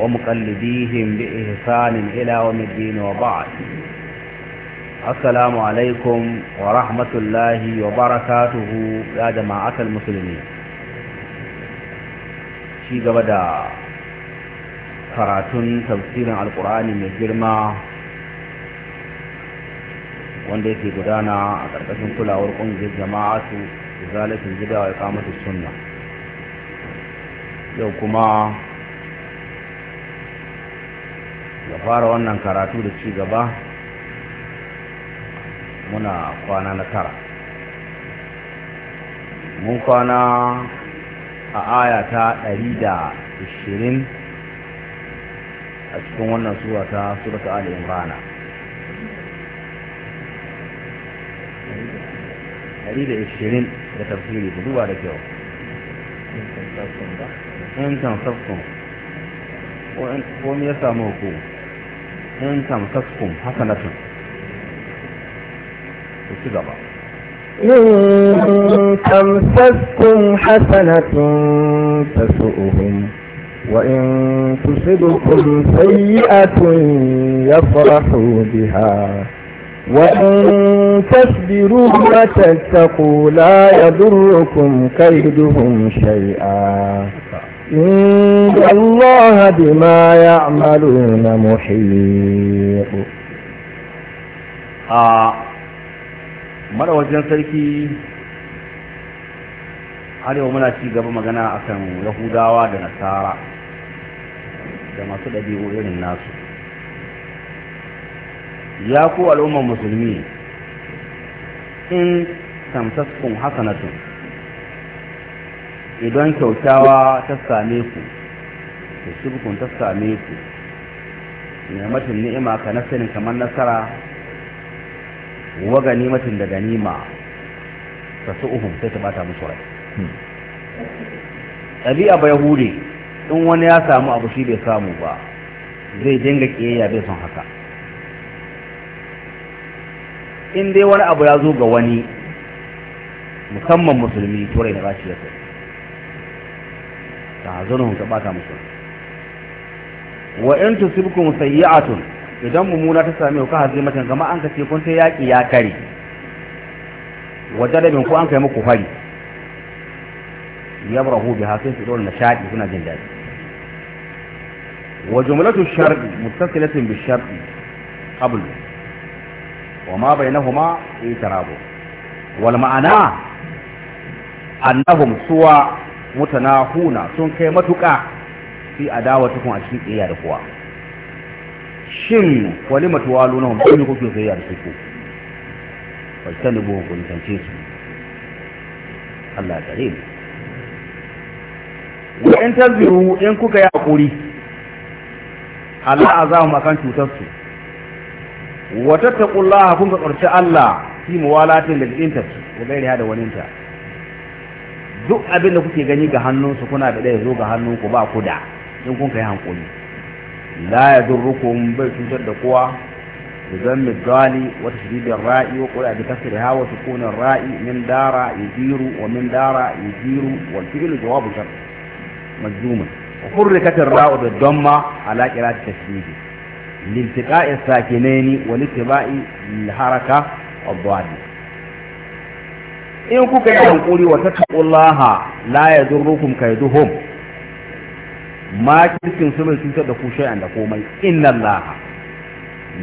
ومقلديهم بإحسان إلى يوم الدين وبعد السلام عليكم ورحمة الله وبركاته يا جماعة المسلمين شي قبدا karatun tafsirin alkur'ani mai girma wanda yake gudana a ƙarƙashin kulawar ƙungiyar jama'atu da zalatin gida wa ikamatu sunna yau kuma ya fara wannan karatu da ci gaba muna kwana na tara mun kwana a aya ta ɗari da ishirin a cikin wannan suwa ta surata alayin rana, ɗari da ishirin da tafsiri ku duba da kyau in tamsafkun ko me ya samu hukumu إن تمسسكم حسنة وكذا بقى إن تمسسكم حسنة تسؤهم وإن تصبكم سيئة يفرحوا بها وإن تصبروا وتتقوا لا يضركم كيدهم شيئا إن الله بما يعملون محيط mara wajen sarki arewa muna ci gaba magana akan yahudawa da nasara da masu ɗabi'u irin nasu ya ku al'ummar musulmi in tamsaskun hasanatun idan kyautawa ta same ku da shirkun ta same ku ni'matin ni'ima ka na sanin kamar nasara wa ganimatin da ganima ta uhun sai ta bata musu rai hmm. ɗabi'a bai hude in wani ya samu abu shi bai samu ba zai dinga kiyayya bai son haka in dai wani abu ya zo ga wani musamman musulmi turai da rashi ya kai ta hazunuhum ka bata musu wa in tusibkum sayyi'atun idan mumuna ta same ku hazi matan kamar an ka ce kun sai yaki ya kare wajalabin ku an kai muku fari yabrahu biha sai su dole nashadi suna jin daɗi wa jumlatu shar'i muttasilatin bi shar'i qabl wa ma bainahuma itarabu wal ma'ana annahum suwa mutanahuna sun kai matuƙa fi adawatukum a cikin ƙiyayya da kowa shin wani matuwalu na wani ne kuke ƙiyayya da suku bai ta nubu ku nisance su Allah gare ne wa in tazbiru in kuka yi hakuri Allah mu akan cutar su wa tattaqullaha kun ka Allah fi muwalatin lil intas wa gairi hada waninta duk abin da kuke gani ga hannunsu kuna da ɗaya zo ga hannunku ba ku da in kun kai hankuli la ya durrukum bai cutar da kowa zan midali wata shididin ra'i wa kula da kasir ha wa sukunin ra'i min dara yajiru wa min dara yajiru wal fi'lu jawabu shar majzuma wa hurrikat ar-ra'u da damma ala qira'ati tashdid lintiqa'i sakinaini wa litiba'i al-haraka ad-dadi in kuka yi hankuri wa tattaqullaha la yadu kaiduhum ma kirkin su bai cutar da ku an da komai inna lallai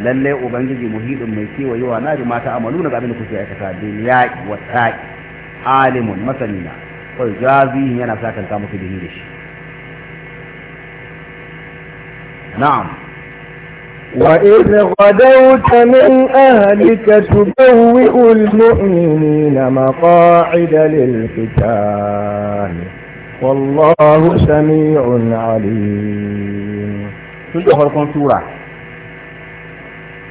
lalle ubangiji muhidin mai kewa yawa wa ji mata amalu na gabin da kuke aikata bin yaƙi wa taƙi alimun masanina kawai jazihin yana sakan mafi musu da shi na'am وإذ غدوت من أهلك تبوئ المؤمنين مقاعد للقتال والله سميع عليم تلك خلقون سورة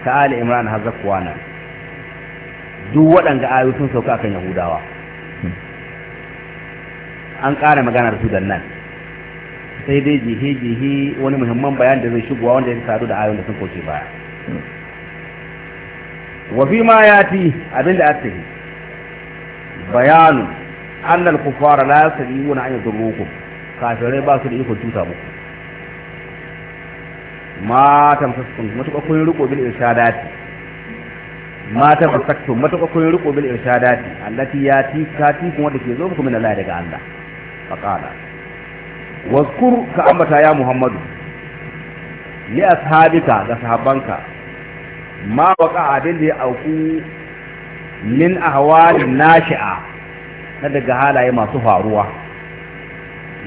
تعالى إمران هذا قوانا دوة waɗanda ayoyi sun sauka kan yahudawa an رسول magana sai dai jihe-jihe wani muhimman bayan da zai shigowa wanda ya sadu da ayon da sun koce baya wafi ma ya ti abin da ake bayanu annal kufara la wani wa an yadurrukum kafirai ba su da ikon tuta muku matan tamsaskun matuƙa kun riko bil irshadati matan tamsaskun matuƙa kun riko bil irshadati allati yati kati kuma da ke zo muku min Allah daga Allah faqala wazkur ka ambata ya muhammadu Ni ashabika da sahabbanka ma waka abin da ya auku min ahwalin nashi'a na daga halaye masu faruwa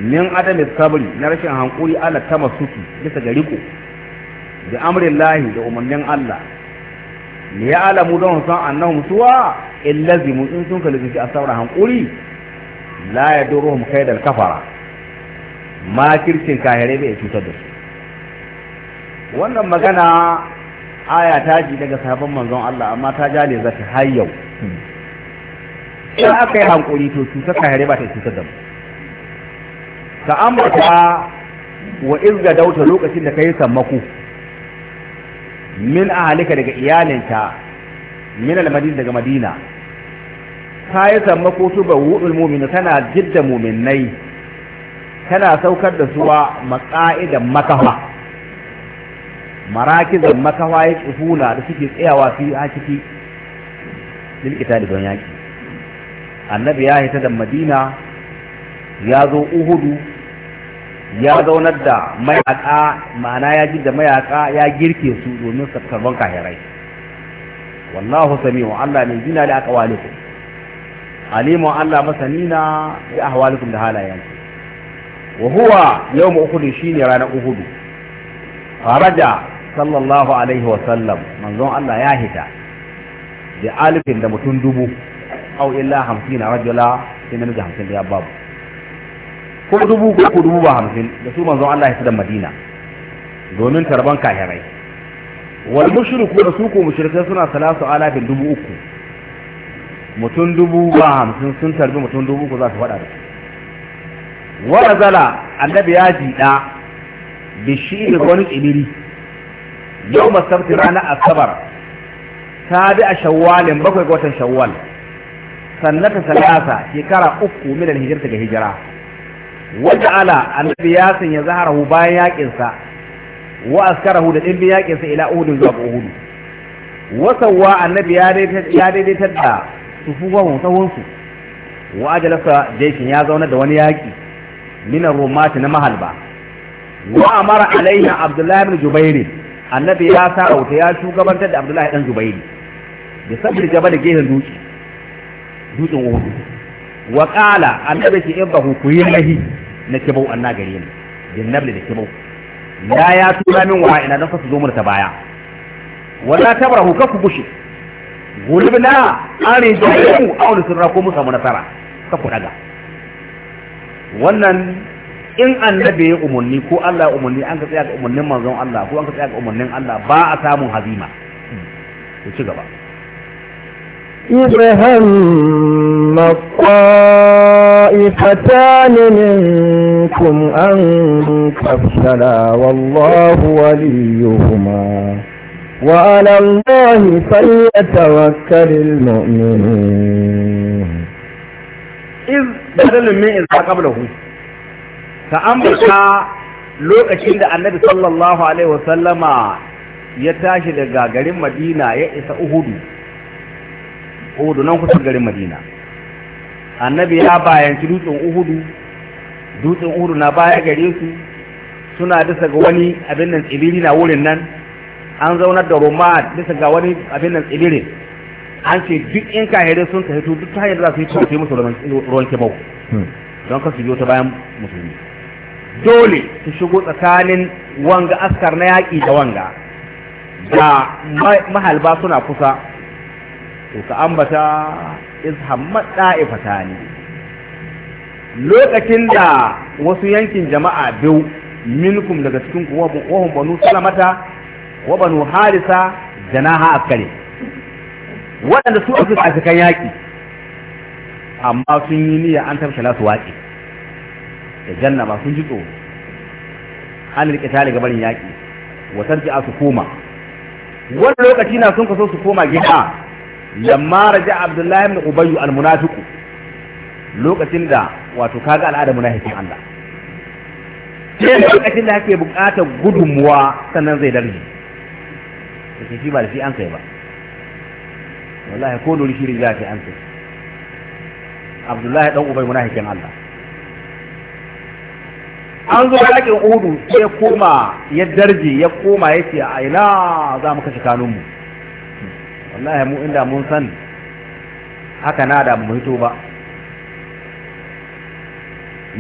min adami sabri na rashin hankuri ala tamassuki bisa ga riko da amrin lahi da umarnin Allah ya alamu don san annahum suwa illazimu in sun kalli a saura hankuri la da kaidal kafara makircin kahire bai cutar da su wannan magana aya ta ji daga sabon manzon Allah amma ta ja ne zata har yau sai aka yi hankuri to cutar kahire ba ta cutar da mu ka ambata wa izga dauta lokacin da kai sammako min ahalika daga iyalinka min almadina daga madina ka yi sammako ba wudul mu'min kana jidda mu'minnai tana saukar da suwa maka'idan makawa marakizan makawa ya tsufuna da suke tsayawa fi a ciki lilkita da don yaki annabi ya hita da madina ya zo uhudu ya zaunar da mayaka ma'ana ya ji da mayaka ya girke su domin karban kahirai wallahu sami'u Allah mai jina da aqwalikum alimu Allah masanina bi ahwalikum da halayensu wa huwa yawm shi ne ranar Uhudu. faraja sallallahu alaihi wa sallam manzon Allah ya hita da alifin da mutum dubu au illa hamsin rajula sai namiji hamsin da ya babu ko dubu ko ko dubu ba hamsin da su manzon Allah ya hita da Madina domin tarban kahirai wal mushriku da su ko mushrikai suna salasu alafin dubu uku mutum dubu ba hamsin sun tarbi mutum dubu uku za su faɗa da su wa zala annabi ya jiɗa bishi da wani tsibiri yau masabti ranar asabar ta bi a shawwalin bakwai ga watan shawwal ta salasa shekara uku milan hijirta ga hijira wadda ala annabi ya sanya zaharahu bayan yaƙinsa, wa askarahu da ɗimbin yakinsa ila uhudun zuwa ga uhudu wasauwa annabi ya daidaitar da sufuwa sahunsu wa ajalasa jaishin ya zauna da wani yaƙi min rumati na mahalba wa amara alaiha abdullahi ibn jubairi annabi ya sarauta ya shugabantar da abdullahi dan jubairi da sabir gaba da gehen duki dutsen uhudu wa qala annabi ce in ba ku kuyi lahi na kibau anna gare ni din nabi da kibau la ya tura min wa ina dan su zo mu ta baya wala tabrahu ka ku bushe gulbina an rinjaye mu aulu sirra ko mu samu nasara ka ku daga wannan in annabi ya umarni ko Allah ya umarni an ka tsaya ga umarnin manzon Allah ko an ka tsaya ga umarnin Allah ba a samu hazima ku ci gaba Ibrahim na qa'ifatan minkum an tafsala wallahu waliyuhuma wa ala allahi falyatawakkalul mu'minun iz badalun min iza qablahu ka ambata lokacin da annabi sallallahu alaihi wasallama ya tashi daga garin madina ya isa uhudu uhudu nan kusa garin madina annabi ya bayanci dutsen uhudu dutsen uhudu na baya gare su suna bisa ga wani abin nan tsibiri na wurin nan an zaunar da roma bisa ga wani abin nan tsibirin an ce duk in ka kahirai sun tafi duk ta hanyar za su yi cewa musu ruwan kibau hmm. don kasu biyo ta bayan musulmi dole su shigo tsakanin wanga askar na yaƙi da wanga da mahalba suna kusa to ka ambata izhammat da'ifata ne lokacin da wasu yankin jama'a biyu minkum daga cikin kuwa wahun banu salamata wa banu harisa da na ha'afkare waɗanda su ake cikin yaƙi amma sun yi niyya an tarsala su waƙi da janna ba sun ji tso an riƙe tare ga barin yaƙi watar ji su koma wani lokaci na sun kaso su koma gida lamma raja abdullahi ibn ubayyu almunafiqu lokacin da wato kaga al'ada munafiqin Allah sai lokacin da ake buƙatar gudunmuwa sannan zai darje da shi ba da shi an kai ba wallahi ko dori shirin za ta an sai abdullahi dan ubai munafikin Allah an zo yakin udu ya koma ya darje ya koma ya ce a ina za mu kashe kanunmu wallahi mu inda mun san haka na da mu hito ba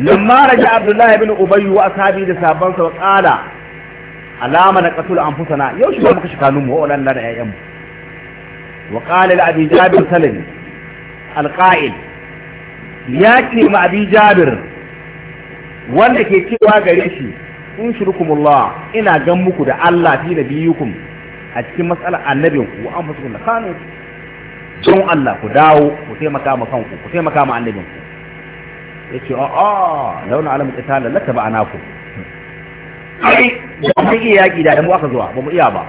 lamma raja abdullahi ibn ubayy wa ashabi da sabansa wa qala alama na qatul anfusana yau shi ba mu kashe kanunmu wa wannan da ayyan وقال لأبي جابر سلمي القائل ياتي مع أبي جابر wanda ke cewa gare shi in shirkumullah ina gan muku da Allah fi nabiyukum a cikin mas'alar annabin ku an fasu da kanu don Allah ku dawo ku taimaka ma kanku ku taimaka ma annabin ku yace a a launa alam qitala lattaba'naku ai ba mu iya yaki da mu aka zuwa ba mu iya ba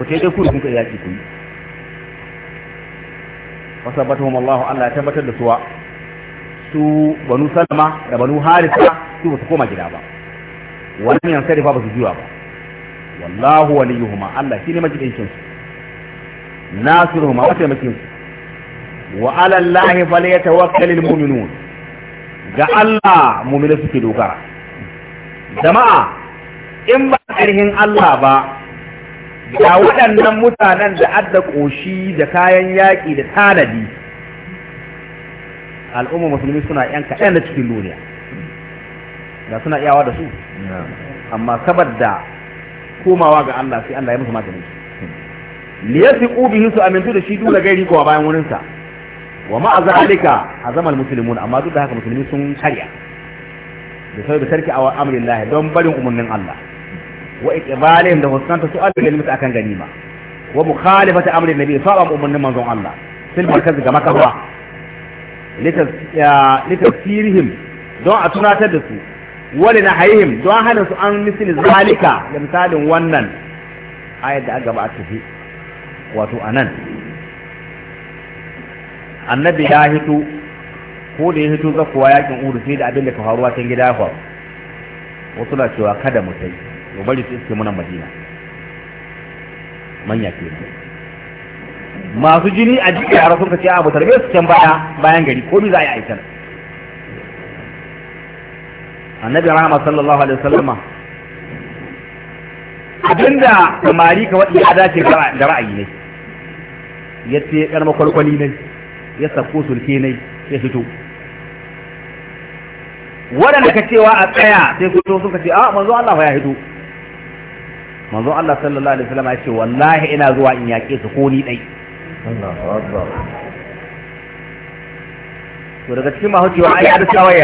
ku sai dai ku da kuka yaki ku yi wasabbatuhum Allah Allah ya tabbatar da suwa su banu salama da banu harisa su ba su koma gida ba wannan yan sarifa ba su juya ba wallahu waliyuhuma Allah shine majidinkin su nasiruhuma wata makin su wa ala ya falyatawakkalul mu'minun ga Allah mu'mina suke dogara jama'a in ba ƙarhin Allah ba ga waɗannan mutanen da adda ƙoshi da kayan yaƙi da tanadi al'umma musulmi suna yan kaɗan da cikin duniya da suna iyawa da su amma saboda komawa ga Allah sai Allah ya musu magani su liyasi bihi su amintu da shi dole gairi kowa bayan wurinsa wa ma azalika azamal muslimun amma duk da haka musulmi sun karya da sai da sarki a lahi don barin umarnin Allah wa iqbalin da huskanta su allah dalil mutu akan ganima wa mukhalifata amri nabi alaihi umman manzon Allah fil markaz ga makawa litafsirihim don a tunatar da su wani na hayihim don hana su an misali zalika da misalin wannan ayat da aka ba a tafi wato anan annabi ya hito ko da ya hito zakuwa yakin uru sai da abin da ka faruwa can gida kwa wasu na cewa kada mu tai mu bari su iske muna madina manya ke masu jini a jiki a rasu kace abu tarbe su can baya bayan gari ko za a yi aikin annabi rahama sallallahu alaihi wasallam abinda samari ka wadi ya dace da ra'ayi ne ya ce yar makwalkwali ne ya sako sulke ne ya fito waɗanda ka cewa a tsaya sai fito suka ce a manzo Allah ya fito manzon Allah sallallahu alaihi wasallam ya ce wallahi ina zuwa in yaƙe su ko ni dai to daga cikin mahaucewa ai ya bi shawara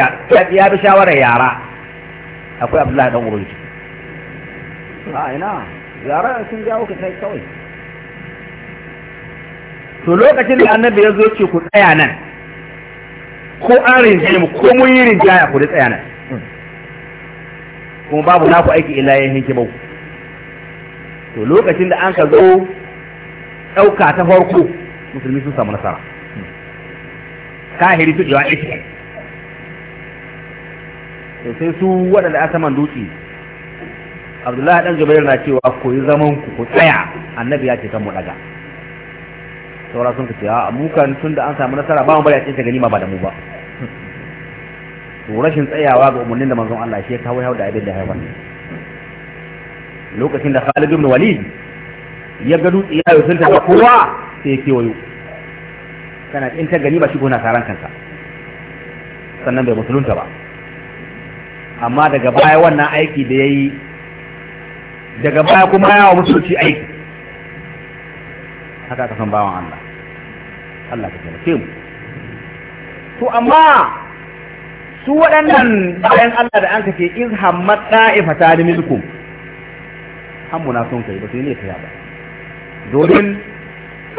ya bi shawara yara akwai Abdullahi dan Urunji a ina yara sun jawo ka kai kawai to lokacin da annabi ya zo ce ku tsaya nan ko an rinjaye mu ko mun yi rinjaya ku tsaya nan hmm. kuma babu naku aiki illa yayin hinkimau to lokacin da an ka zo ɗauka ta farko musulmi sun samu nasara kahiri su jiwa ita to sai su waɗanda aka man dutse abdullahi dan jubair na cewa ku yi zaman ku ku tsaya annabi ya ce kan mu daga saura sun ce a mukan tun da an samu nasara ba mu bari a cinta ganima ba da mu ba to rashin tsayawa ga umarnin da manzon Allah shi ya kawo yau da abin da haifar ne lokacin da Khalid ibn Walid ya ga dutse ya yusul ta kowa sai ya kewayo kana in ta gani ba shi gona taran kansa sannan bai musulunta ba amma daga baya wannan aiki da yayi daga baya kuma yawa musulunci aiki haka ka san bawan Allah Allah ka taimake mu to amma su waɗannan bayan Allah da an kace iz hammat da'ifatan minkum hammuna son kai ba su yi laifiya ba domin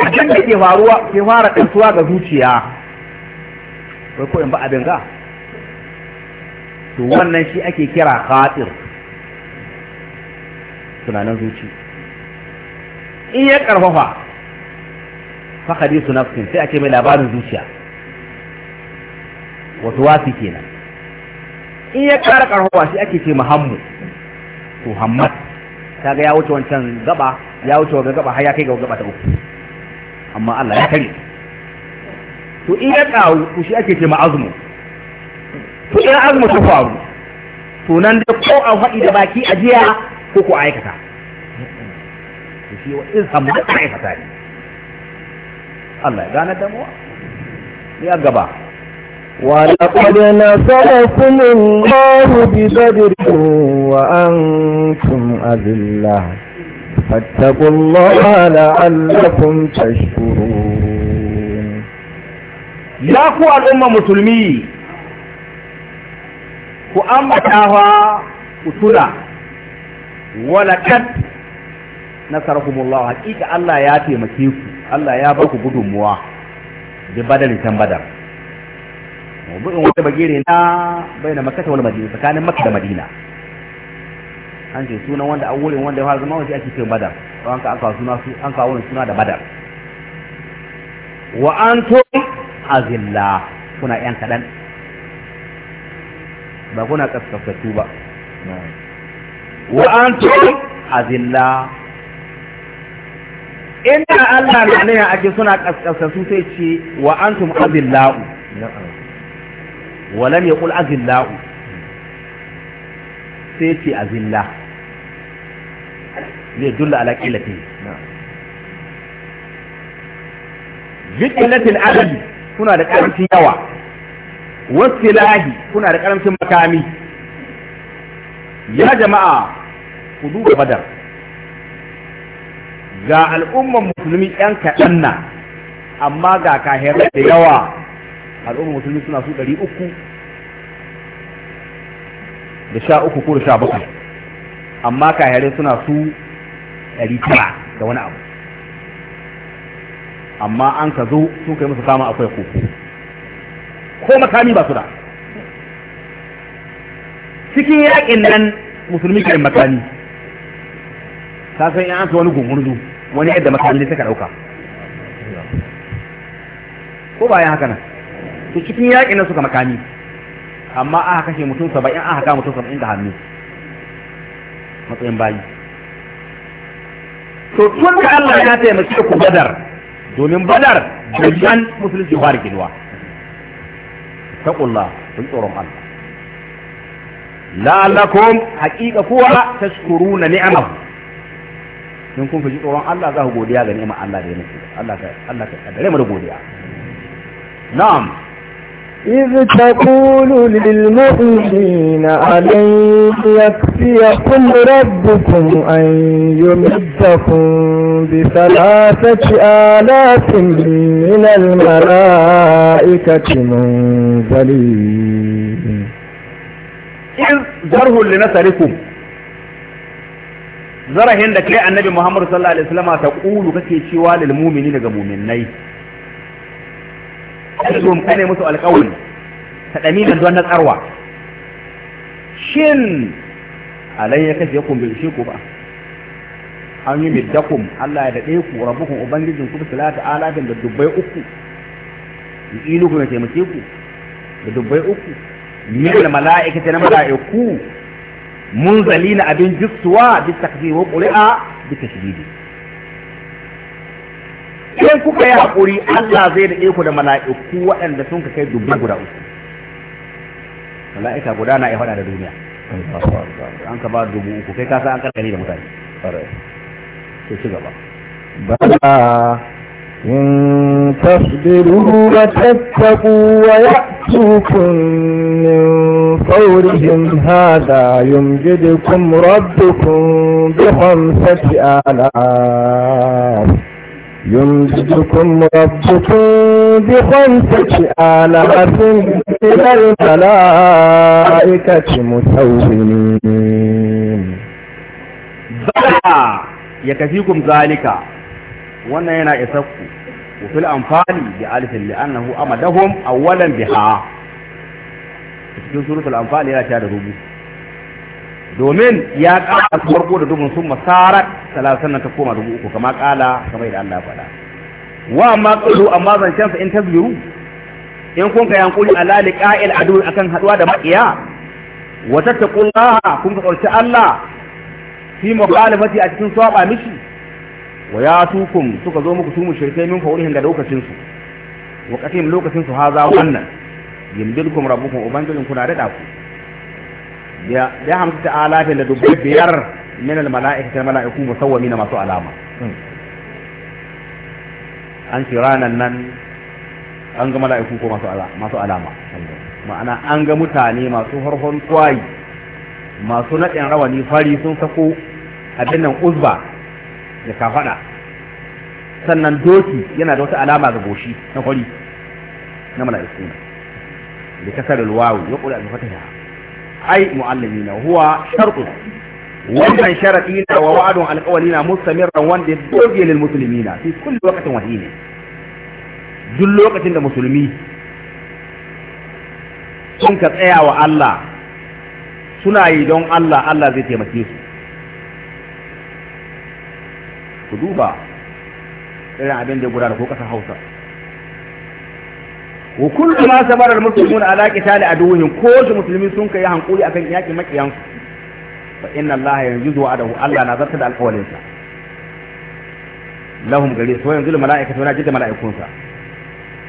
abin da ke faruwa ke fara ɗansuwa ga zuciya wai ko in ba abin ga to wannan shi ake kira khatir tunanin zuci in ya karfafa fa hadisu nafsin sai ake mai labarin zuciya wasu wasi kenan in ya kara karfafa shi ake ce muhammu to hammat kaga ya wuce wancan gaba ya wuce ga gaba har ya kai ga gaba ta uku amma Allah ya kare to in ya kawo to shi ake ce ma azmu to in azmu ta faru to nan da ko a faɗi da baki a jiya ko ko aikata to shi wa in samu da aikata ne Allah ya gane damuwa ya gaba ولقد نصركم الله ببدر وأنتم أذلة فاتقوا الله لعلكم تشكرون يا أخوة الأمة مسلمي وأمتها وتلا ولقد نصركم الله حقيقة الله ياتي مكيكم الله يا بكم بدموا ببدر تنبدر mawdu'in wani bagire na baina makkah wal madina tsakanin makka da madina an ce sunan wanda an wurin wanda ya fara zama wace ake cewa badar an ka aka suna su an kawo suna da badar wa antum azilla kuna yan kadan ba kuna kaskafatu ba wa antum azilla inda Allah na ne ake suna kaskafatu sai ce wa antum azillau walam yaqul azillahu sai ce azilla zai dulla ala qillati bi qillati al kuna da karancin yawa wasilahi kuna da karancin makami ya jama'a ku duba ga al'umman musulmi yan kaɗan na amma ga kahirar da yawa al'umma musulmi suna su ɗari uku da sha uku ko da sha bakwai amma kahirai suna su ɗari tara da wani abu amma an ka zo sun kai musu kama akwai koko ko makami ba su da cikin yaƙin nan musulmi ke makami ta san in an wani gungurzu wani yadda makami ne suka ɗauka ko bayan haka nan su cikin yaƙi na suka makami amma aka kashe mutum saba'in aka kama mutum saba'in da hannu matsayin bayi to tun da Allah ya taimake ku badar domin badar da jan musulunci fara ginuwa ƙulla sun tsoron Allah la'allakum haƙiƙa kuwa na ni'amar in kun fi tsoron Allah za ku godiya ga ni'imar Allah da ya nufi Allah ka Allah mu da godiya na'am إذ تقول للمؤمنين ألن na ربكم أن يمدكم بثلاثة آلاف من الملائكة منزلين إذ جره لنسلكم zarahin da kai annabi Muhammad sallallahu alaihi wasallam ta kake cewa lil mu'mini daga mu'minnai alhum kane musu alƙawari ta daminan don natsarwa shin alayya kace ya bil shi ku ba an yi middakum Allah ya dade ku rabbukum ubangijin ku salatu alafin da dubbai uku ilu ku ne taimake ku da dubbai uku min da mala'ikata na mala'iku munzalina abin jissuwa bi takdir wa qur'a bi tashdidi sai kuka yi haƙuri Allah zai da ku da mala'iku waɗanda sun ka kai dubbi guda uku mala'ika guda na iya faɗa da duniya an ka ba dubu uku kai kasa an karkani da mutane sai ci gaba bala in tasbiru wa tattaku wa ya'tukum min fawrihim hada yumjidukum rabbukum bi khamsati alaf يمدكم ربكم بخمسة آلاف من الملائكة مسومين ya kafikum zalika wannan yana isar ku. fil anfali bi alifin li annahu amadahum awwalan biha cikin suratul amfani yana ta da rubu domin ya ƙara farko da dubun sun masarar talatin nan ta koma dubu uku kama ƙala kama da Allah faɗa wa amma amma zancen sa in tasbiru in kun ka a ala liqa'il adu akan haɗuwa da maƙiya wa tattaqullaha kun ka Allah fi mukhalafati a cikin saba mishi wa ya tukum suka zo muku sumu mushrikai min faurihin da lokacin su wa lokacin su haza wannan yimdilkum rabbukum ubangijin kuna da ku ya hamsata alafin da dubbai biyar min almala'ikatar mala'iku musawwami na masu alama hmm. an ci ranan nan an ga mala'iku ko masu alama ma'ana an ga mutane masu harfon kwayi masu naɗin rawani fari sun sako a nan uzba da kafaɗa sannan doki yana da wata alama ga goshi na kwari na mala'iku da kasar wawu ya ƙuri a fatah ai muallimina huwa shartu wannan sharadi na wa wa'adun alqawli na mustamirran wanda doge lil muslimina fi kulli waqtin wa hini duk lokacin da musulmi sun ka tsaya wa Allah suna yi don Allah Allah zai taimake su ku duba irin abin da gudanar ko kasar Hausa wa kullu ma sabara al-muslimun ala qitali aduwwihim ko shi musulmi sun kai hankuri akan yakin makiyan fa inna allaha yanjuzu adahu. allah na zarta da alƙawarin sa lahum gari so yanzu mala'ikatu na jidda mala'ikun sa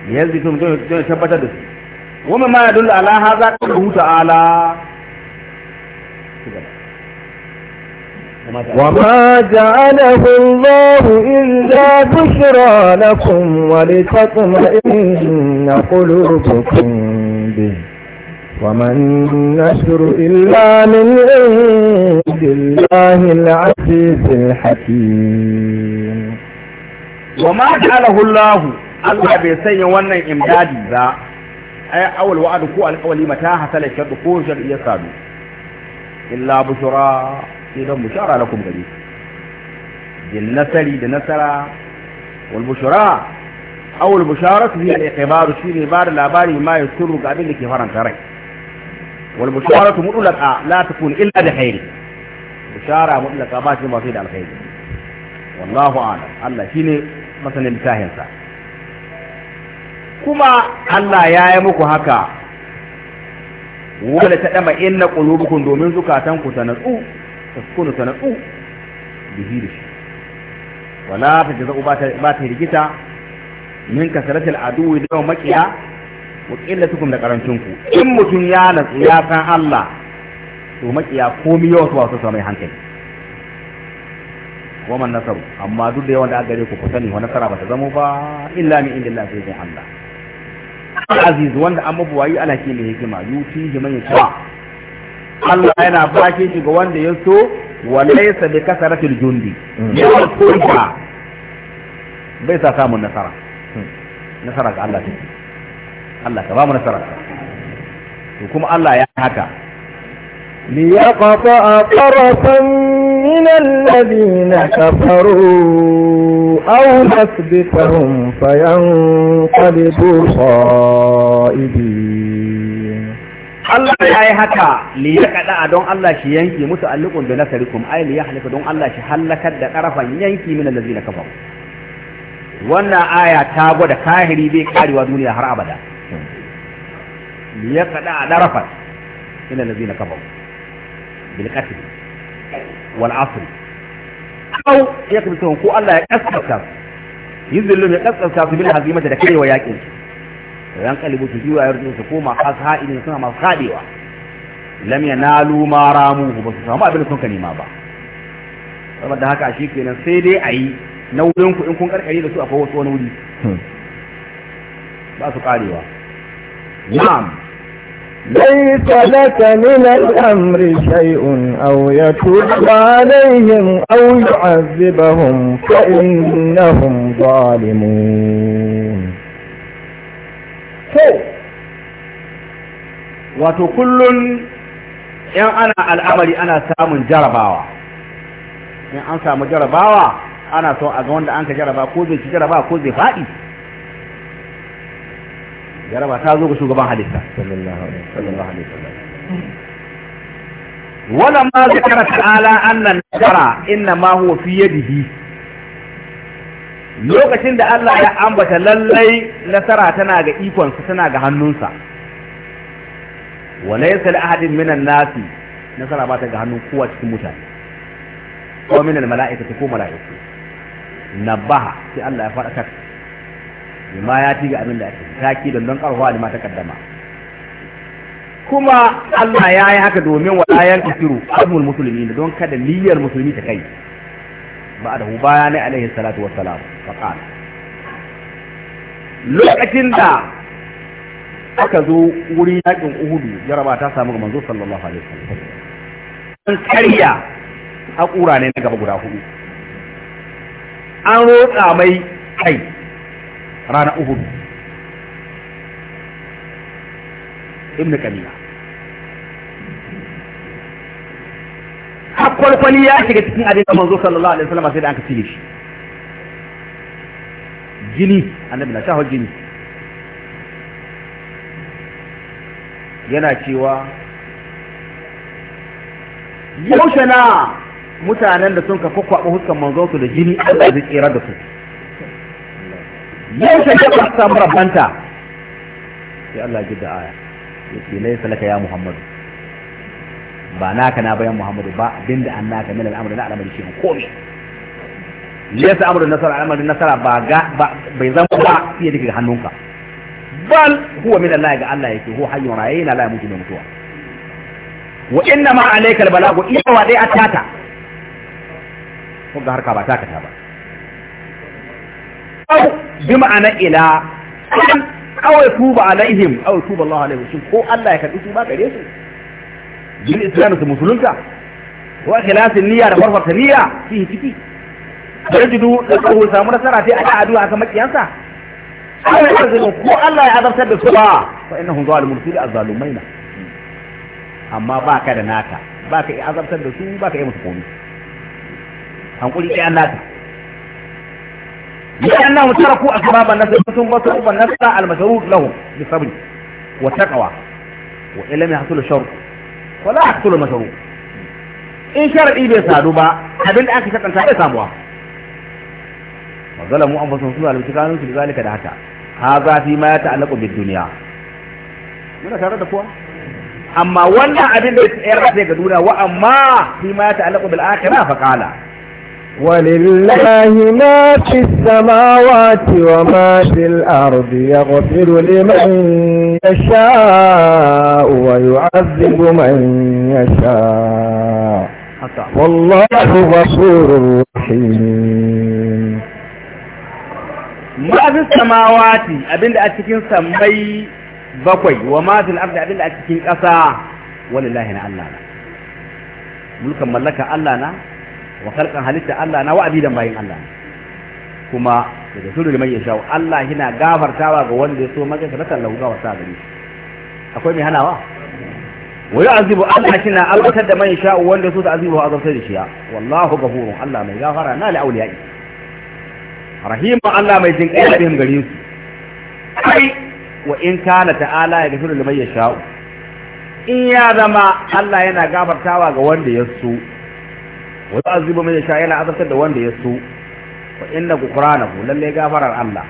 yanzu sun don tabbatar da su wa ma yadullu ala hadha qawluhu ta'ala وما جعله الله إلا بشرى لكم ولتطمئن قلوبكم به وما النشر إلا من عند الله العزيز الحكيم وما جعله الله الله بيسيني وانا امدادي ذا أي أول وعد قوة الأولي متاحة حصل الشرط كو شرط إلا بشرى sai don bushara lakum gare bil nasari da nasara wal bushara aw al bushara hiya al iqbar shi ne ba da labari ma ya ga abin da ke faranta rai wal bushara mutlaqa la takun illa bi khair bushara mutlaqa ba shi ba sai da alkhairi wallahu a'lam Allah shine masanin tahinsa kuma Allah ya yi muku haka wanda ta dama inna qulubukum domin zukatanku ta natsu taskunu ta natsu bihi da shi wala ta jaza'u ba ta rigita min kasaratil aduwi da yawan makiya wa qillatukum da karancinku in mutum ya natsu ya san Allah to makiya komi yawa su wasu sa mai hankali wa man nasaru amma duk da yawan da aka gare ku ku ni wa nasara ba ta zamo ba illa min indillah sai dai Allah aziz wanda an mabuwayi ala ke mai hikima yuti himan yawa Allah yana bashe shi ga wanda ya so wa laysa bi kasratil jundi yawan soja bai sa samun nasara nasara ga Allah take Allah ka ba mu nasara to kuma Allah ya haka li yaqta tarafan min alladhina kafaru aw yasbitahum fayanqalibu sa'ibi Allah ya yi haka li ya kada don Allah shi yanki musu alliqun bi nasarikum ay li yahlika don Allah shi halakar da karafan yanki min allazina kafaru wannan aya ta gwada kahiri bai karewa duniya har abada li ya kada darafat min allazina kafaru bil qatl wal asr aw yakbituhum ko Allah ya kaskata yuzillu ya kaskata su bil hazimata da kai wa yaqin yanqalibu su juwa yarju su koma khasa'in suna masu kadewa lam yanalu ma ramu ba su samu abin da sun ka nema ba saboda haka shi kenan sai dai a yi wurin ku in kun karkare da su akwai wasu wani wuri hmm. ba su karewa na'am ليس لك من الأمر شيء أو يتوب عليهم أو يعذبهم فإنهم ظالمون kyau wato kullum yan ana al'amari ana samun jarabawa in an samu jarabawa ana son a ga wanda an ka jaraba ko zai ci jaraba ko zai faɗi jaraba ta zo ga shugaban halitta sallallahu alaihi wasallam wala ma zakara ta'ala annan najara inna ma huwa fi yadihi lokacin da Allah ya ambata lallai nasara tana ga ikonsa tana ga hannunsa walaysa li ahadin minan nasi nasara ba ta ga hannun kowa cikin mutane ko minal mala'ikati ko mala'iku nabaha sai Allah ya faɗa tak bima ya tiga abin da ake taki don don karwa da ta kaddama kuma Allah ya yi haka domin wa ayan kasiru azmul muslimin don kada niyyar musulmi ta kai Ba ba'dahu bayani alaihi salatu wassalam faqala lokacin da aka zo wurin yakin uhudu jaraba ta samu ga manzo sallallahu alaihi wasallam an karya haƙura ne na gaba guda hudu an roƙa mai kai rana uhudu ibn kamila hakkwalkwali ya shiga cikin abin da manzo sallallahu alaihi wasallam sai da aka cire shi jini annabi na shaho jini yana cewa yaushe na mutanen da sun ka kwakwaɓa huskan manzo su da jini Allah zai tsira da su yaushe ne ba su samu rabanta sai Allah ji da aya yake laisa laka ya Muhammadu ba naka na bayan muhammadu ba abinda an naka min al'amari na al'amari shi Liyasa laysa amru nasara al'amari nasara ba ga bai zama ba fiye da hannunka bal huwa min Allah ga Allah yake huwa hayyun rayyin la yamutu mutuwa wa inna ma alayka albalagu iyawa dai atata ko ga harka ba taka ta ba aw bi ma'ana ila an aw tuba alaihim aw tuba Allah alaihim ko Allah ya karbi tuba gare su bil islam su musulunta wa khilasin niyya da farfarta niyya fi ciki da jidu da kawo samu nasara sai aka addu'a akan makiyansa Allah ya zalunta ko Allah ya azabtar da su ba fa innahum zalimun fi azzalumaina amma ba ka da naka ba ka yi azabtar da su ba ka yi musu komai. hankuli ɗaya naka ya anna mu taraku asbaban nas sun ba su uban nas al masharud lahum bi wala akulu masaru in sharadi bai sadu ba abin da aka shakanta bai samuwa wa zalamu anfusahum sunu al su fi zalika da haka hadha fi ma ta'allaqu bid dunya muna tare da kuwa amma wannan abin da ya yarda sai ga duniya wa amma fi ma ta'allaqu bil akhirah fa qala ولله ما في السماوات وما في الأرض يغفر لمن يشاء ويعذب من يشاء والله غفور رحيم ما في السماوات أبن أتكين سمي بقوي وما في الأرض أبن أتكين أسا ولله أنا الله ملك ملك الله wa khalqan halitta Allah na wa'abi dan bayin Allah kuma daga sirri mai yasha Allah yana gafartawa ga wanda ya so maka ka tallafa ga wasa gare shi akwai mai hanawa wa yu'azibu Allah kina albatar da mai yasha wanda so ta azibu azabtar da shi wallahu ghafurun Allah mai gafara na li awliyai rahim Allah mai jin kai bihim gare su kai wa in kana ta'ala ya gafiru mai yasha in ya zama Allah yana gafartawa ga wanda ya so wa yu'azzibu man yasha yana azabtar da wanda ya so wa inna ghufranahu lalle gafarar Allah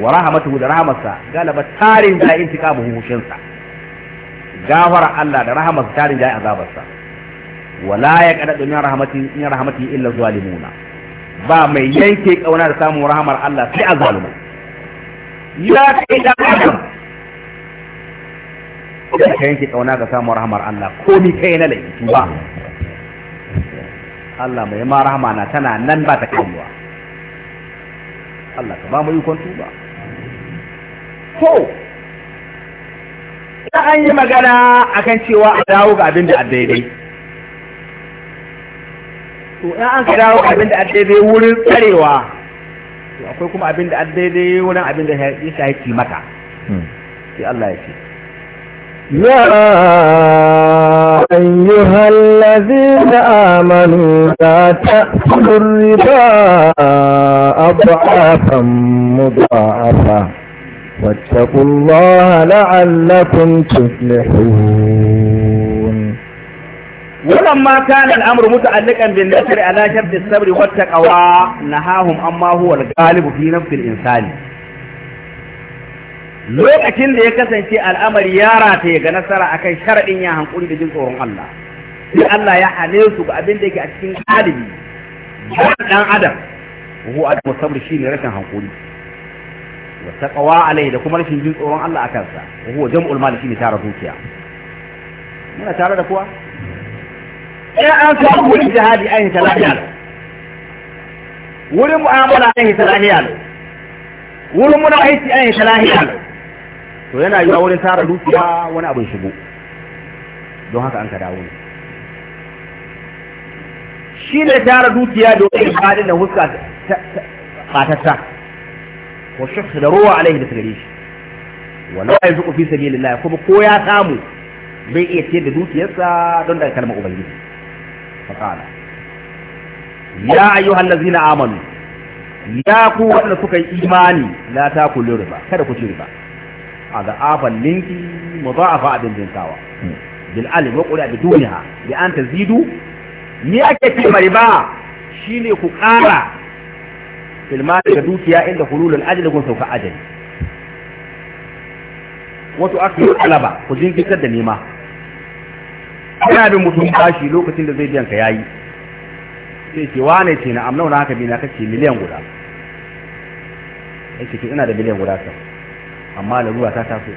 wa rahmatuhu da rahmatsa galaba tarin da intikabu hushin sa gafara Allah da rahmatsa tarin da azabarsa wala ya kada dunya rahmati in rahmati illa zalimuna ba mai yanke kauna da samun rahmar Allah sai azaluma ya kai da adam da yanke kauna ga samun rahmar Allah ko ni kai na laifi ba Allah mai ma rahama na tana nan ba ta kamuwa Allah ka ba mu ikon tuba to ta an yi magana akan cewa a dawo ga abin da a daidai to in an ka dawo ga abin da a daidai wurin tsarewa to akwai kuma abin da a daidai wurin abin da ya shahi mata hmm. sai Allah ya ce يا أيها الذين آمنوا لا تأكلوا الربا أضعافا مضاعفا واتقوا الله لعلكم تفلحون ولما كان الأمر متعلقا بالنشر على شرط الصبر والتقوى نهاهم أما هو الغالب في نفس الإنسان lokacin da ya kasance al'amari ya rataye ga nasara akan sharaɗin ya hankuri da jin tsoron Allah sai Allah ya hane su ga abin da yake a cikin galibi dan adam hu adam sabr shine rashin hankuri wa taqwa alai da kuma rashin jin tsoron Allah akan sa hu jam'ul mal shine tara dukiya muna tare da kuwa eh an sa ku jihadi ayin talahiya wurin mu'amala ayin talahiya wurin munawaici ayin talahiya to yana yi wurin tara dukiya wani abin shigo don haka an ka dawo ne shi ne tara dukiya domin ibadin da huska fatatta ko shi da ruwa alaihi da gare shi ya yanzu fi lillahi kuma ko ya samu bai iya ce da dukiyarsa don daga kalmar ubangiji faqala ya ayyuhal amanu ya ku wanda suka yi imani la ku riba kada ku ci riba a da afan linki mudha'afa abin jinkawa bil alif wa qura bidunha bi an tazidu ni ake ce mai ba shine ku ƙara filma ga dukiya inda hululul ajali kun sauka ajali wato aka yi alaba ku jinkirtar da nema kana bin mutum bashi lokacin da zai biyan ka yayi sai ce wane ce na amna wani haka bi na miliyan guda yake to ina da miliyan guda kan amma larura ta taso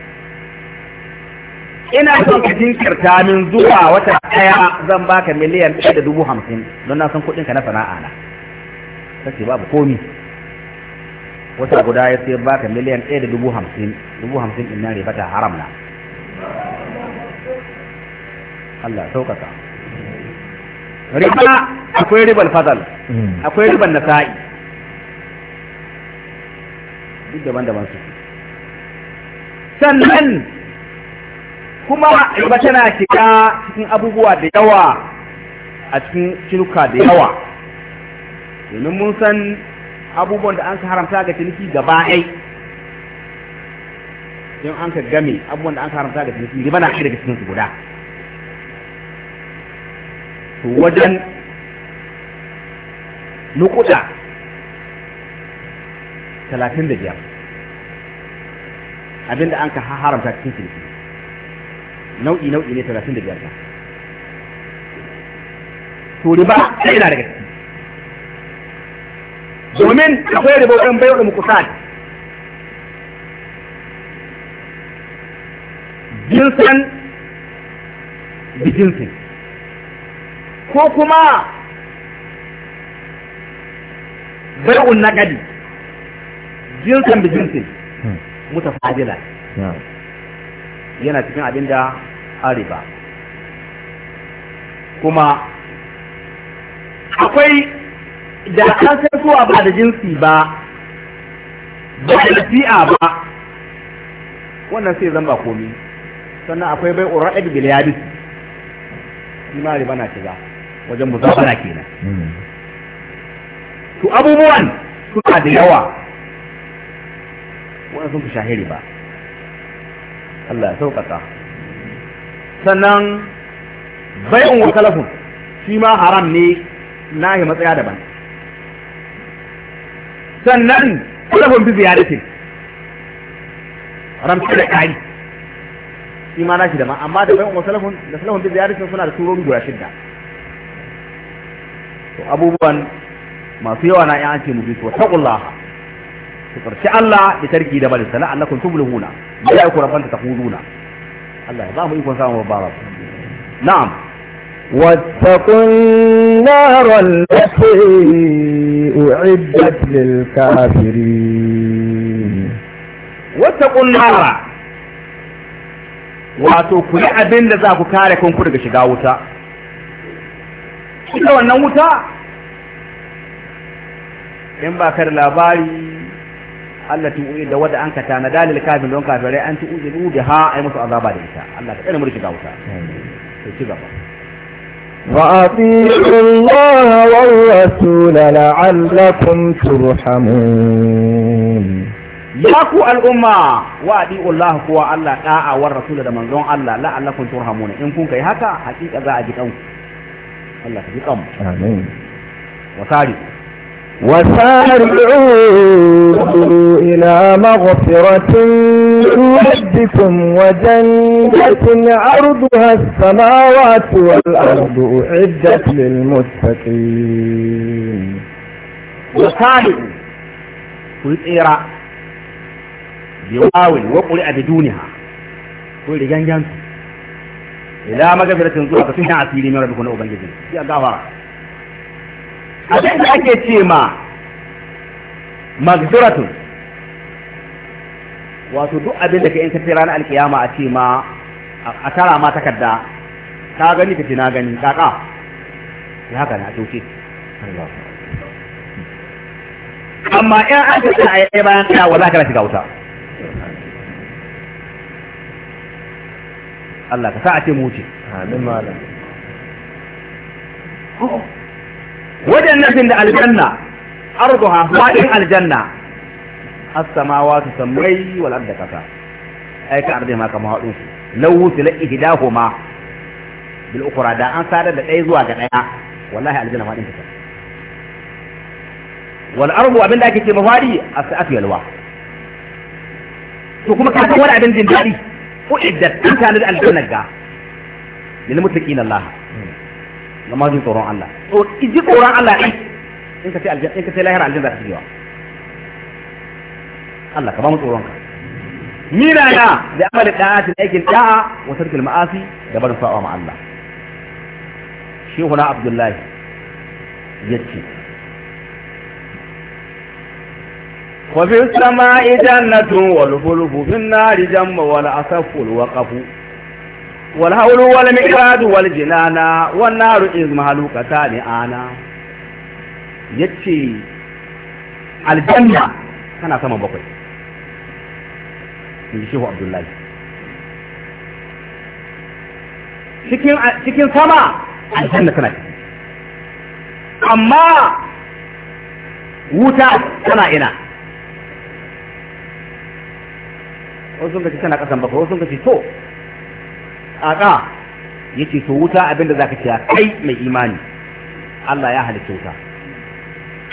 ina son ka jinkirta min zuwa wata ɗaya zan baka miliyan ɗaya da dubu hamsin don na san kuɗinka na sana'a na sace babu komi wata guda ya sai baka miliyan ɗaya da dubu hamsin dubu hamsin ina riba ta haram na Allah sauƙaƙa riba akwai ribar fadal mm. akwai ribar nasa'i duk daban-daban su sannan kuma riba tana shiga cikin abubuwa da yawa a cikin cinuka da yawa domin mun san abubuwan da an ka haramta ga ciniki gaba ɗai in an ka game abubuwan da an ka haramta ga ciniki riba na shirya cikin su guda to wajen nukuda talatin da biyar abinda an ka haramta cikin ciniki nau'i nau'i ne 35 ta to riba yana daga ciki domin akwai riba wajen bayar da mukusat jinsan da jinsin ko kuma bai'un nagadi jinsan da jinsin mutafadila yana cikin abin da ariba kuma akwai da an san suwa ba da jinsi ba ba da fi'a ba wannan sai zan ba komi sannan akwai bai ɗaya bil yabis shi ma riba na shiga wajen muzabara kenan hmm. to abubuwan suna da yawa sun fi shahiri ba Allah ya sauƙaƙa sannan bai'un wa kalafun shi ma haram ne nahi matsaya daban sannan kalafun bi ziyaratin haramci da kai shi ma nashi da ma amma da bai'un wa kalafun da kalafun bi ziyaratin suna da turon guda shidda abubuwan masu yawa na yan ce mu bi to taqullaha su karshe Allah da tarki da malista na Allah kun tumulu huna ya yi kurafan ta tafuduna Allah ya ba mu ikon samun babu na'am wattaqun nar allati u'iddat lil kafirin wattaqun wato ku yi abin da za ku kare kanku daga shiga wuta ita wannan wuta in ba ka da labari التي أريد wadda an ka tanada lil kafir don kafirai an ci uzu biha ay الله azaba da ita Allah ka وأطيعوا الله والرسول لعلكم ترحمون يا كو الأمة وأطيعوا الله هو الله طاعة والرسول ده دون الله لعلكم ترحمون إن كنت هكا حقيقة ذا أجيكم الله تعالى آمين وسارقوا وسارعوا إلى مغفرة ربكم وجنة عرضها السماوات والأرض أعدت للمتقين وسارعوا قل إيراء بواول وقل أبدونها قل جنجان إلى مغفرة ربكم وجنة عرضها السماوات والأرض أعدت يا abin da ake ce ma magzuratun wato duk abin da ka in kace ranar alkiyama a ce ma a tara ma takarda ka gani ka na gani kaka ya haka na kyauce amma in an ka a yi bayan tsaya wa za ka shiga wuta Allah ka sa a ce mu wuce amin malam oh. wajen nafin da aljanna arduha fadin aljanna as-samawati samai wal ardi kasa ai ka ardi ma kama hadu law tila ihdahuma bil ukhra da an sadar da dai zuwa ga daya wallahi aljanna fadin kasa wal ardu abin da ake ce mafadi as-sa'atu yalwa to kuma ka san wani abin jin dadi uiddat an kana da aljanna ga lil muttaqina Allah ga majin tsoron Allah to ji tsoron Allah ɗin in ka ce aljanna in ka ce lahira aljanna za ka jiwa Allah ka ba mu tsoron ka mina na da amali da'ati da yake da'a wa tarkil ma'asi da barin sa'a ma Allah shi huna Abdullahi yace وفي السماء جنة والفلك في النار جم والأسف الوقف wal haulu wal miqradu wal jinana wan naru iz mahlukata ni Ya ce aljanna tana sama bakwai in ji shehu abdullahi cikin cikin sama aljanna tana amma wuta tana ina wasu sun kace tana kasan bakwai wasu sun kace to aka yace to wuta abinda zaka ce kai mai imani Allah ya halitta wuta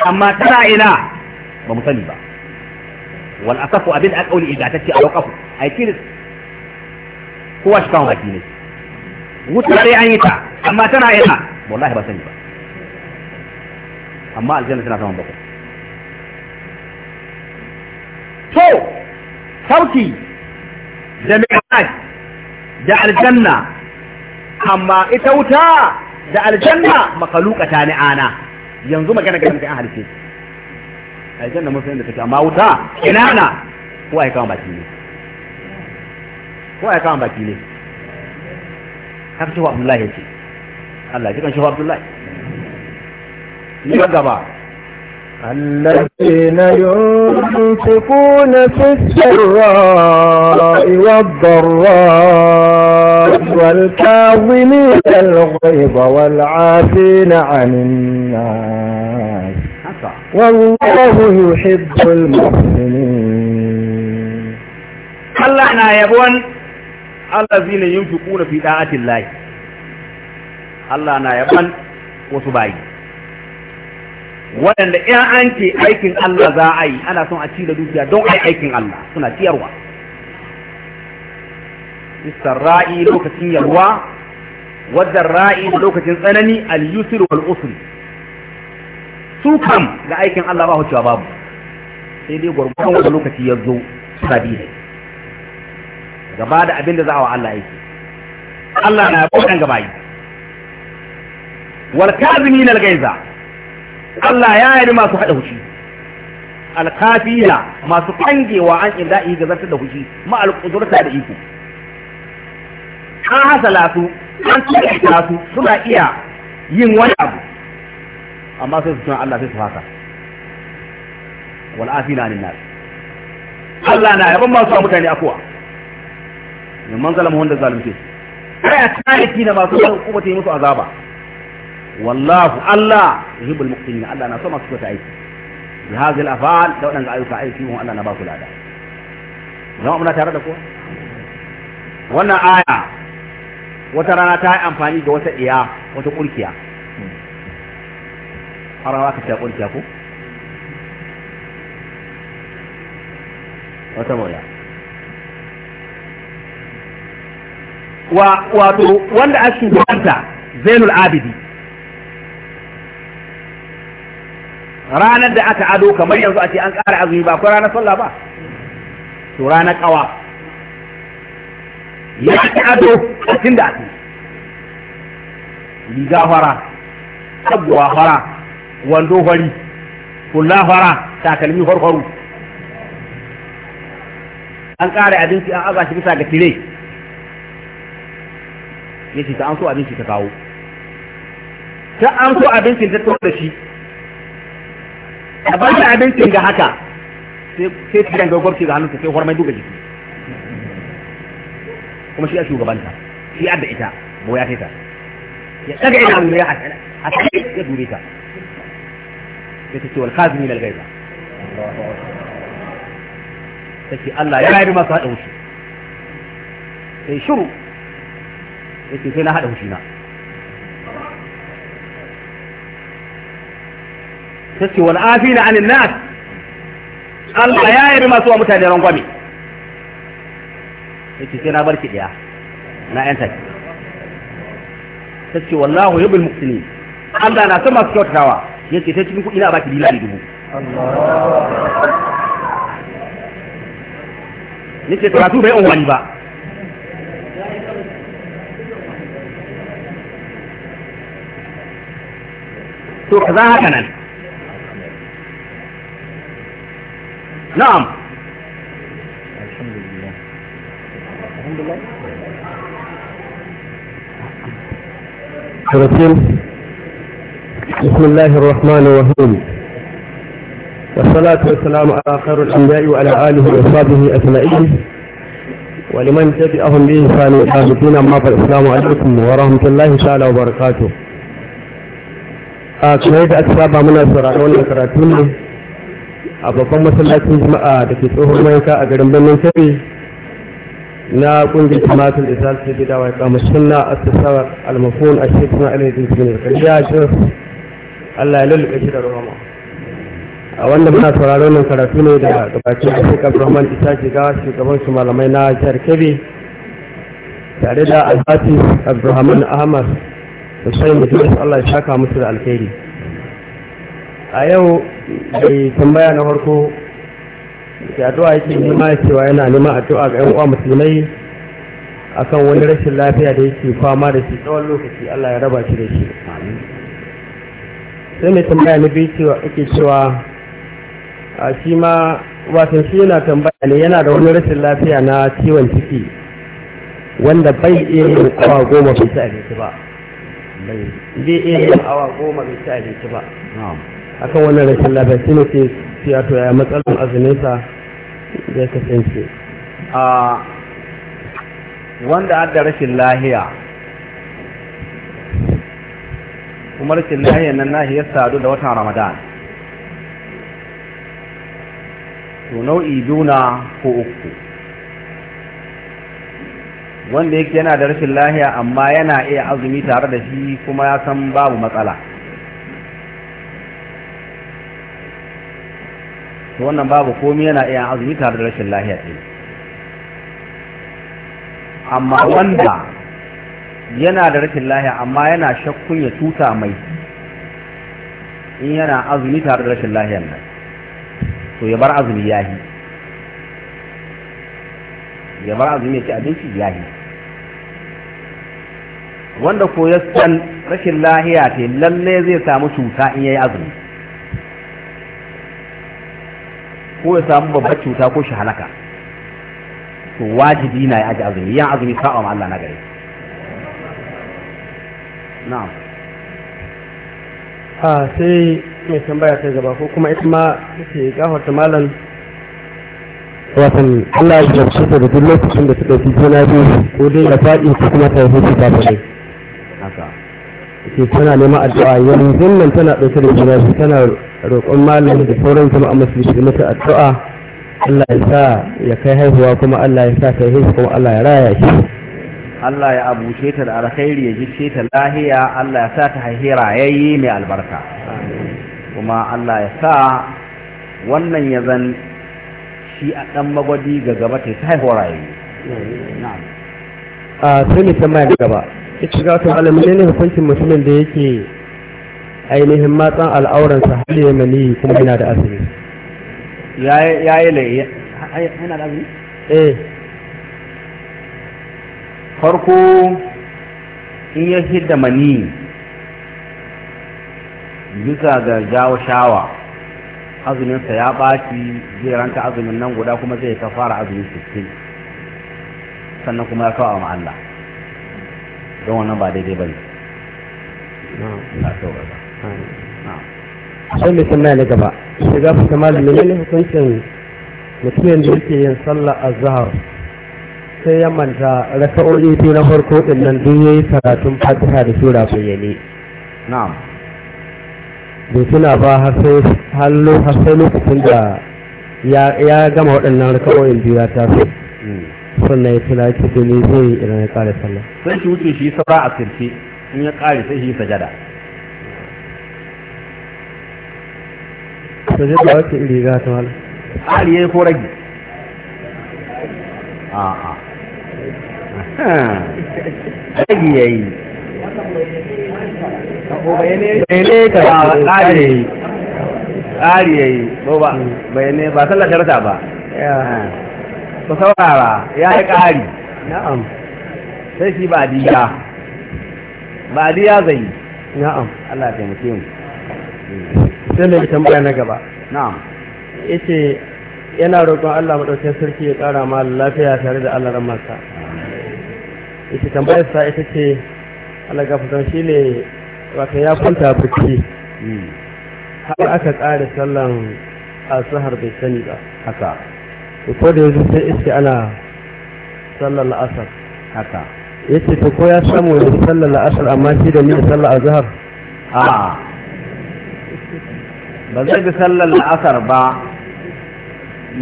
amma tana ina ba mu sani ba wal asafu abin a kauli idatacce a wakafu ai kiris kowa shi kawo baki ne wuta dai an yi ta amma tana ina wallahi ba sani ba amma aljanna tana saman bakwai to sauti da mai da aljanna amma ita wuta da aljanna makalukata ni ana yanzu magana ga mutum halice aljanna mun san da take amma wuta ina na ko ai kawo baki ne ko ai kawo baki ne haka shi wa Abdullahi yace Allah ya kan shi wa Abdullahi ni ga gaba الذين ينفقون في السراء والضراء والكاظمين الغيظ والعافين عن الناس والله يحب المحسنين الله نا الذين ينفقون في طاعة الله الله نا يبون وسبعين waɗanda in an ke aikin Allah za a yi ana son a ci da dukiya don ai aikin Allah suna ciyarwa ra'i lokacin yalwa wadda ra'i lokacin tsanani al-yusr wal usri su kam ga aikin Allah ba cewa babu sai dai gurgurun wanda lokaci ya zo sabida gaba da abin da za a wa Allah aiki Allah na bukan gabayi wal kazimin al-gaiza Allah ya yi masu haɗa hushi alkafiya masu kangewa an inda yi ga zartar da hushi ma alƙudurta da iko an hasala su an tsaya su suna iya yin wani abu amma sai su tuna Allah sai su haka wal afina lin nas Allah na yaban masu mutane akuwa min man zalama wanda zalunce kai a tsaya kina masu hukumata yi musu azaba wallahu Allah yuhibbul muqtinin Allah na so masu aiki bi afal da wadanda ayyuka aiki Allah na ba lada zama muna tare da wannan aya wata rana ta yi amfani da wata iya wata kurkiya har ka ta kurkiya ko wata boya wa wato wanda a shugabanta zainul abidi ranar da aka ado kamar yanzu a ce an ƙara azumi ba ko ranar sallah ba to ranar ƙawa ya ci ado a cikin da ake riga fara sabuwa fara wando fari kula fara takalmi farfaru an ƙara abinci an aza shi bisa ga tire ya ce ta an so abinci ta kawo ta an so abincin ta da shi da ba shi abincin ga haka sai tiran ga gwamnati ga hannunsa sai hormai duka jiki kuma shi a shugabanta shi adda ita bo ya ta ya daga ina mu ya haka a kai ya dure ta sai ta ce wal kazimi lal gaiza sai Allah ya rayu masu hada wuce sai shiru sai sai na hada wuce na tace wal afina anin nas Allah ya yi masu wa mutane rangwame yace sai na bar ki daya na yanta tace wallahu yubil muqtini Allah na sama su kyautatawa yace ta cikin kudi na baki bilali dubu nake karatu bai unwani ba to kaza haka nan نعم الحمد لله الحمد لله رسول بسم الله الرحمن الرحيم والصلاة والسلام على خير الأنبياء وعلى آله وصحبه أجمعين ولمن تبعهم به إلى الحاجتين أما فالسلام عليكم ورحمة الله تعالى وبركاته. أكيد آه، أكثر من السرعة والكراتين a babban masallacin jima'a da ke tsohon mayanka a garin birnin kebbi na kungiyar tumatun da da gida wa kama sunna a tsasarar almafon a shekuna alayyadin jini da kariya jos allah ya lalluɓe shi da rahama a wanda muna sauraron nan karatu ne da gabatin a shek abdurrahman isa jigawa shugaban su malamai na jihar kebbi tare da alhaji abdurrahman ahmad da sai mutum allah ya shaka musu da alkhairi a yau Eh, tambaya na farko da addu'a yake nema cewa yana neman addu'a ga 'yan uwa musulmai akan wani rashin lafiya da yake fama da shi tsawon lokaci Allah ya raba shi da shi sai mai tambaya na biyu cewa ake cewa a shi ma wato shi yana tambaya ne yana da wani rashin lafiya na ciwon ciki wanda bai iya yin awa goma bai sa abinci ba bai iya yin awa goma bai abinci ba akan wannan rashin lafiya shi ne sai siya to ya matsalar azuminsa zai kasance a wanda adda rashin lahiya kuma rashin lahiyar nan nahiyar sadu da watan ramadan to nau'i duna ko uku wanda yake yana da rashin lahiya amma yana iya azumi tare da shi kuma ya san babu matsala to wannan babu komai yana iya azumi tare da rashin lahiya ɗin amma wanda yana da rashin lahiya amma yana shakkun ya tuta mai in yana azumi tare da rashin lahiyan nan to ya bar azumi yahi ya bar azumi ya ci abinci yahi wanda ko ya san rashin lahiya ce lalle zai samu cuta in yayi azumi ko ya samu babbar cuta ko shi halaka to wajibi na ya aji azumi ya azumi sa'a ma Allah na gare na'am ha sai mai tambaya ta gaba ko kuma ita ma take ta malam watan Allah ya jarsu da duk lokacin da suka fi juna biyu ko dai ya faɗi ko kuma ta haihu ta bane ke tana neman addu'a yanzu nan tana ɗauke da juna tana roƙon malam da sauran jama'a musulmi mata addu'a Allah ya sa ya kai haihuwa kuma Allah ya sa ta haihu kuma Allah ya raya shi Allah ya abuce ta da alkhairi ya gice ta lahiya Allah ya sa ta haihi rayayye mai albarka kuma Allah ya sa wannan ya zan shi a ɗan magwadi ga gaba ta haihuwa rayayye. sai ne ta mai gaba. ita ga wasu alamun ne hukuncin mutumin da yake ainihin matsan al'auransa har ya mani kuma yana da asiri ya yi lai yana da asiri? eh farko in ya hidda mani bisa ga jawo shawa azuminsa ya ɓaci zai ranta azumin nan guda kuma zai ta fara azumin 60 sannan kuma ya kawo a Allah. don wannan ba daidai ba ne sai mai tambaya na gaba shiga fita malami ne ne hukuncin mutumin da yake yin sallah a zahar sai ya manta raka'o'i biyu na farko din nan duk yayi karatun fatiha da sura bayyane na'am bai tuna ba har sai har lokacin da ya gama waɗannan raka'o'in biyu ya taso sannan ya tuna ya ce ne zai yi idan ya sallah sai shi wuce shi saura a sirce in ya kare sai shi sajada sajada wacce iri za ta wala ƙari ya yi ko a'a ya yi bayanai ka ƙari ya yi ƙari ya yi mm. ba sallah sharta ba ku saurara ya yi ƙari na'am sai shi ba diya ba diya zai na'am Allah ya taimake mu sai mai tambaya na gaba na'am yace yana roƙon Allah madaukakin sarki ya ƙara ma lafiya tare da Allah ramarsa ita tambayar sa ita ce Allah gafarta shi ne wato ya kwanta bacci hmm. har aka tsare sallan asahar bai sani ba haka ko da yanzu sai iske ana sallar la'asar haka ya ce ta ko ya samu yanzu sallar la'asar amma shi da ni sallar azhar a ba zai bi sallar la'asar ba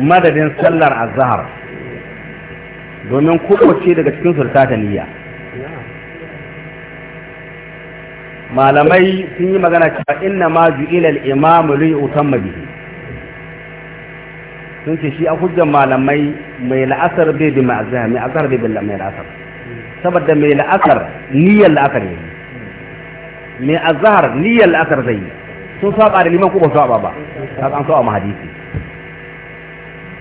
madadin sallar azhar domin kowace daga cikin sulta ta niyya malamai sun yi magana cewa inna ma ju'ila al-imamu li utamma bihi sun ce shi a hujjar malamai mai la'asar bai bi ma'azhar mai azhar bai bi mai la'asar saboda mai la'asar niyyar la'asar ne mai azhar niyyar la'asar zai sun saba da liman ko ba saba ba an saba ma hadisi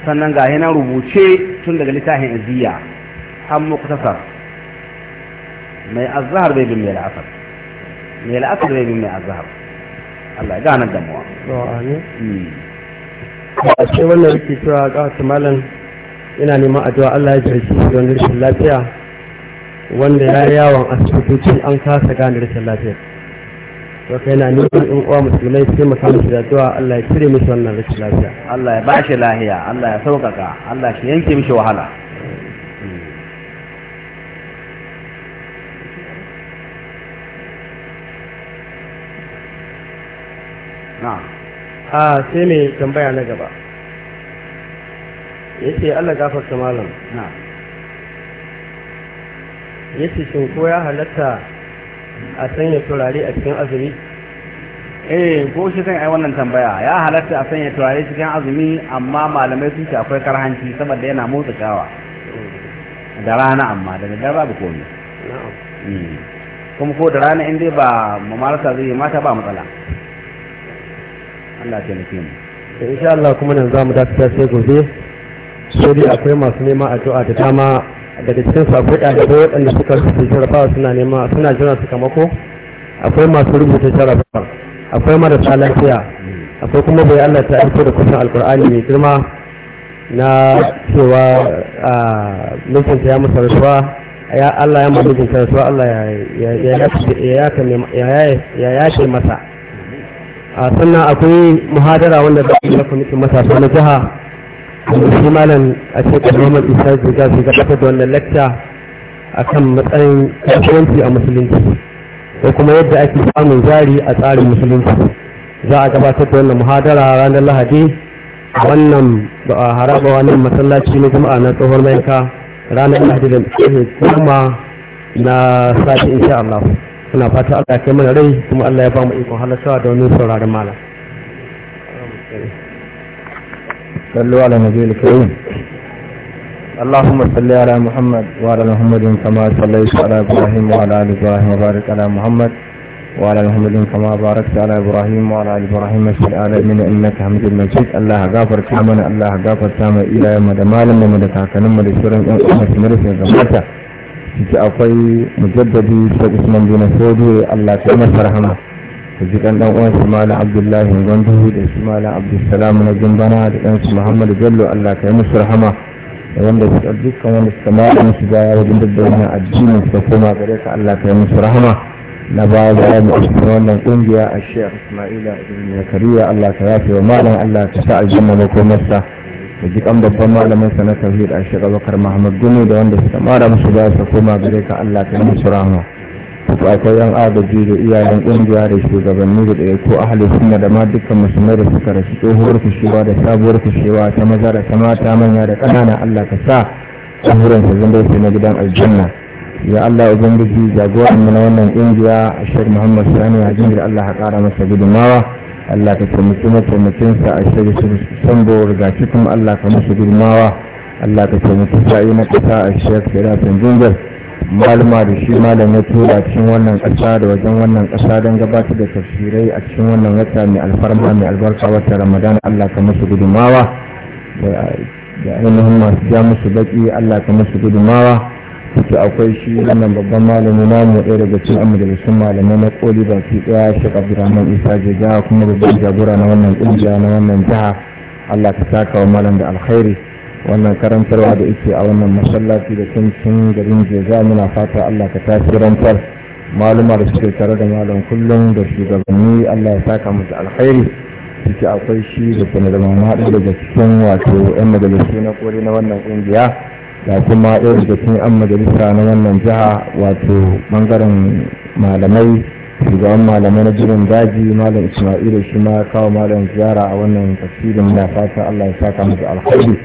sannan ga yana rubuce tun daga littafin aziya an muktasar mai azhar bai bi mai la'asar mai la'asar bai bi mai azhar Allah ya ganar damuwa. mu. Hmm. a ce wannan yake cewa ga malam yana neman addu'a Allah ya jarki shi wani rashin lafiya wanda ya yi yawon asibitoci an kasa gane rashin lafiya to kai na neman in uwa musulmai sai mu samu shi da addu'a Allah ya cire mishi wannan rashin lafiya Allah ya bashi lahiya Allah ya sauƙaƙa Allah shi yanke mishi wahala a sai mai tambaya na gaba ya ce allah gafarta malam na ya ce shin ko ya halatta a sanya turare a cikin azumi eh ko shi zan ai wannan tambaya ya halatta a sanya turare cikin azumi amma malamai sun ce akwai karhanci saboda yana motsa gawa da rana amma da daddare babu komai hmm. kuma ko da rana in dai ba mamarsa zai mata ba matsala Allah taimake mu In sha Allah kuma nan sai gobe so dai akwai masu nema addu'a da dama daga cikin su akwai ɗalibai waɗanda suka rubuta jarabawa suna nema suna jira sakamako akwai masu rubuta jarabawa akwai marasa lafiya akwai kuma bai Allah ta aiko da kusan alkur'ani mai girma na cewa a nufinta ya masa rasuwa ya Allah ya mamajin rasuwa Allah ya yake masa a sannan akwai muhadara wanda za a yi kwamitin matasa na jiha shi malam a ce kalmar isa jirga zai gabatar da wannan lacca a kan matsayin kasuwanci a musulunci da kuma yadda ake samun zari a tsarin musulunci za a gabatar da wannan muhadara ranar lahadi wannan ba a haraba wannan masallaci na juma'a na tsohon mayanka ranar lahadi da kuma na sati insha Allah. ina fata Allah ya kai mana rai kuma Allah ya ba mu iko halarta da wani sauraron malam. Sallu ala Nabi Al-Karim. Allahumma salli ala Muhammad wa ala Muhammadin kama sallai ala Ibrahim wa ala Ali Ibrahim wa barik ala Muhammad wa ala Muhammadin kama barik ala Ibrahim wa ala Ali Ibrahim wa shi ala Amina inna ka majid Allah gafarta mana Allah gafarta mai ila yamma da malamin mu da kakanin mu da shirin ɗan uwa su mulkin gabata. ciki akwai mujaddadi ta usman bin fodi allah ta masa rahama da jikan dan uwan su malam abdullahi gwandu da Isma'il malam abdulsalam na gimbana da dan su muhammadu bello allah ta musu rahama da wanda suka dukkan wanda suka mara musu baya wajen dabbobin addinin suka koma gare ka allah ta musu farhama na baya da ya mutu wannan kungiya a shekaru ismaila ibn zakariya allah ta yafe wa malam allah ta sa aljanna makomarsa da kan babban malamin sa na tauhid a shiga bakar muhammad gumi da wanda suka mara musu za su koma gare ka allah ta musu rahama su akwai yan agaji da iyayen kungiya da shugabanni da ɗaya ko ahli sunna da ma dukkan musulmai da suka rasu tsohuwar kushewa da sabuwar kushewa ta maza da ta mata manya da ƙanana allah ka sa tsohuwar sa zan dauke na gidan aljanna ya allah ubangiji jagoran mu na wannan kungiya shirin muhammad sani a da allah ka ƙara masa gudunmawa Allah ka taimaki mataimakinsa a shirya su san da rigaci kuma Allah ka musu girmawa Allah ka taimaki sa'i na ƙasa a shirya firafin jingar malama da shi malam ya tura cikin wannan kasa da wajen wannan kasa don gabatar da tafsirai a cikin wannan wata mai alfarma mai albarka wata ramadan Allah ka musu gudunmawa da ainihin masu ja musu baki Allah ka musu gudunmawa su akwai shi wannan babban malami namu ɗaya daga cikin amurka malamai na koli baki ɗaya shek abdurrahman isa jega kuma babban jagora na wannan ƙungiya na wannan jiha allah ta saka wa malam da alkhairi wannan karantarwa da ike a wannan masallaci da cikin garin jega muna fata allah ka tasirantar maluma da suke tare da malam kullum da shugabanni allah ya saka musu alkhairi ciki akwai shi da sanar da daga cikin wato 'yan majalisu na kori na wannan ƙungiya da kuma ɗaya da cikin 'yan majalisa na wannan jiha wato bangaren malamai shugaban malamai na jirin daji malam ismailu shi ma kawo malam ziyara a wannan tafsirin na fata allah ya saka masa alkhairi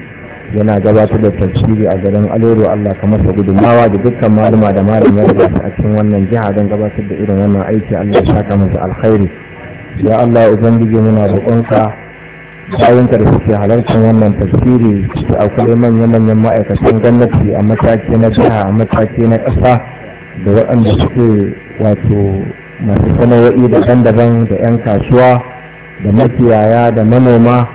yana gabatar da tafsiri a garin alero allah ka masa gudunmawa da dukkan malama da malam ya a cikin wannan jiha don gabatar da irin wannan aiki allah ya saka masa alkhairi ya allah ubangiji muna roƙonka bayanka da suke halartar wannan tafsiri su akwai manya-manyan ma'aikatan gwamnati a mataki na jiha a mataki na ƙasa da waɗanda suke wato masu sana'o'i daban-daban da 'yan kasuwa da makiyaya da manoma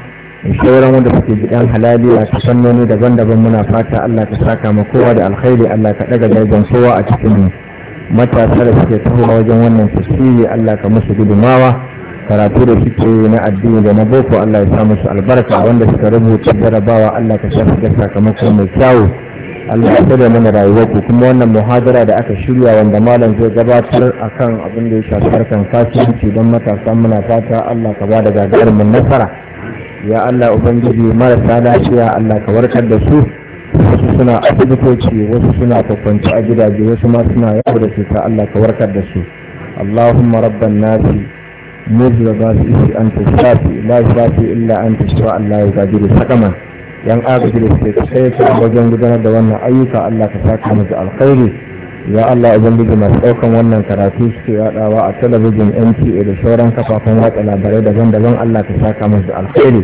da sauran wanda suke gidan halali a fannoni daban-daban muna fata Allah ka saka ma kowa da alkhairi Allah ka ɗaga darajar kowa a cikin matasa da suke tahowa wajen wannan tafsiri Allah ka musu gudumawa karatu da suke na addini da na boko Allah ya sa musu albarka wanda suka rubuta jarabawa Allah ka sa su ga mai kyawu Allah ya sada mana rayuwarku kuma wannan muhadara da aka shirya wanda malam zai gabatar akan abin da ya shafi harkan kasuwanci don matasa muna fata Allah ka ba da gagarumin nasara ya Allah ubangiji marasa lafiya Allah ka warkar da su wasu suna asibitoci wasu suna kwakwanci a gidaje wasu ma suna yawo da ta Allah ka warkar da su اللهم رب الناس مثل ba su illa لا شافي إلا allah ya gaji da سقما yan agaji da suke tsaye wajen gudanar da wannan ayyuka Allah ka saka musu alkhairi ya Allah ubangiji masu ɗaukan wannan karatu suke yaɗawa a talabijin mta da sauran kafafen watsa labarai daban-daban Allah ka saka musu alkhairi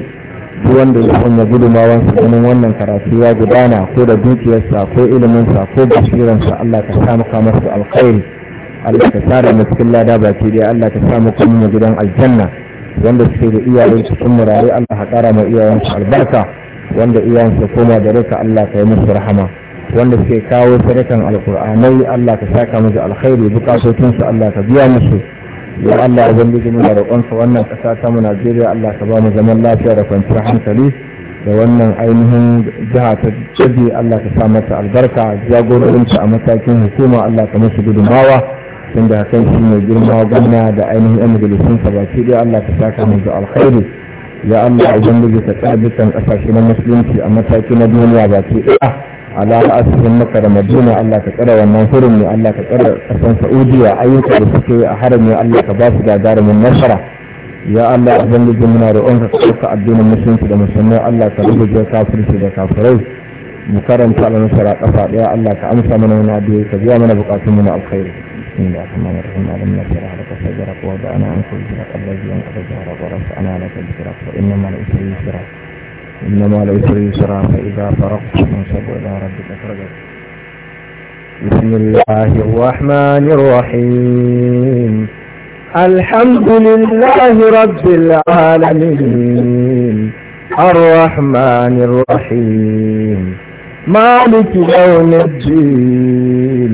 duk wanda ya sanya gudunmawan su ganin wannan karatu ya gudana ko da dukiyarsa ko iliminsa ko basiransa Allah ka saka masa alkhairi Allah ka tsara mu cikin lada ba sai dai Allah ka sa mu gidan aljanna wanda suke da iyayen su kuma rare Allah ka kara mu iyayen su albarka wanda iyayen su koma da rika Allah ka yi musu rahama wanda suke kawo sadakan alkur'anai Allah ka saka musu alkhairi bukatocin su Allah biya musu ya Allah ubangiji mu da roƙon sa wannan ƙasa ta mu Najeriya Allah ka ba mu zaman lafiya da kwanciyar hankali da wannan ainihin jiha ta jirgi Allah ka sa mata albarka jagororinta a matakin hukuma Allah ka musu gudunmawa tun da kai shi mai girma gwamna da ainihin yan majalisun sa baki dai Allah ka saka mu da alkhairi ya Allah ubangiji ka ta dukkan kasashe na musulunci a mataki na duniya baki daya ala asirin maka da madina Allah ka tsara wannan hurin ne Allah ka tsara kasan saudiya ayyuka da suke a harami Allah ka ba su da gagarumin nasara ya Allah ubangiji muna roƙon ka tsaka addinin musulunci da musulmai Allah ka rubuce kafirci da kafirai mu karanta al-nasara kafa daya Allah ka amsa mana wani addu'a ka biya mana bukatun mu na alkhairi بسم الله الرحمن الرحيم ألم نشرع لك وضعنا عن كل شرك الذي ينقض شهرك ورفعنا لك ذكرك وانما العسر يسرا إنما العسر يسرا فإذا فرقت فانصب إلى ربك فرجك بسم الله الرحمن الرحيم الحمد لله رب العالمين الرحمن الرحيم مالك يوم الدين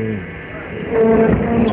Música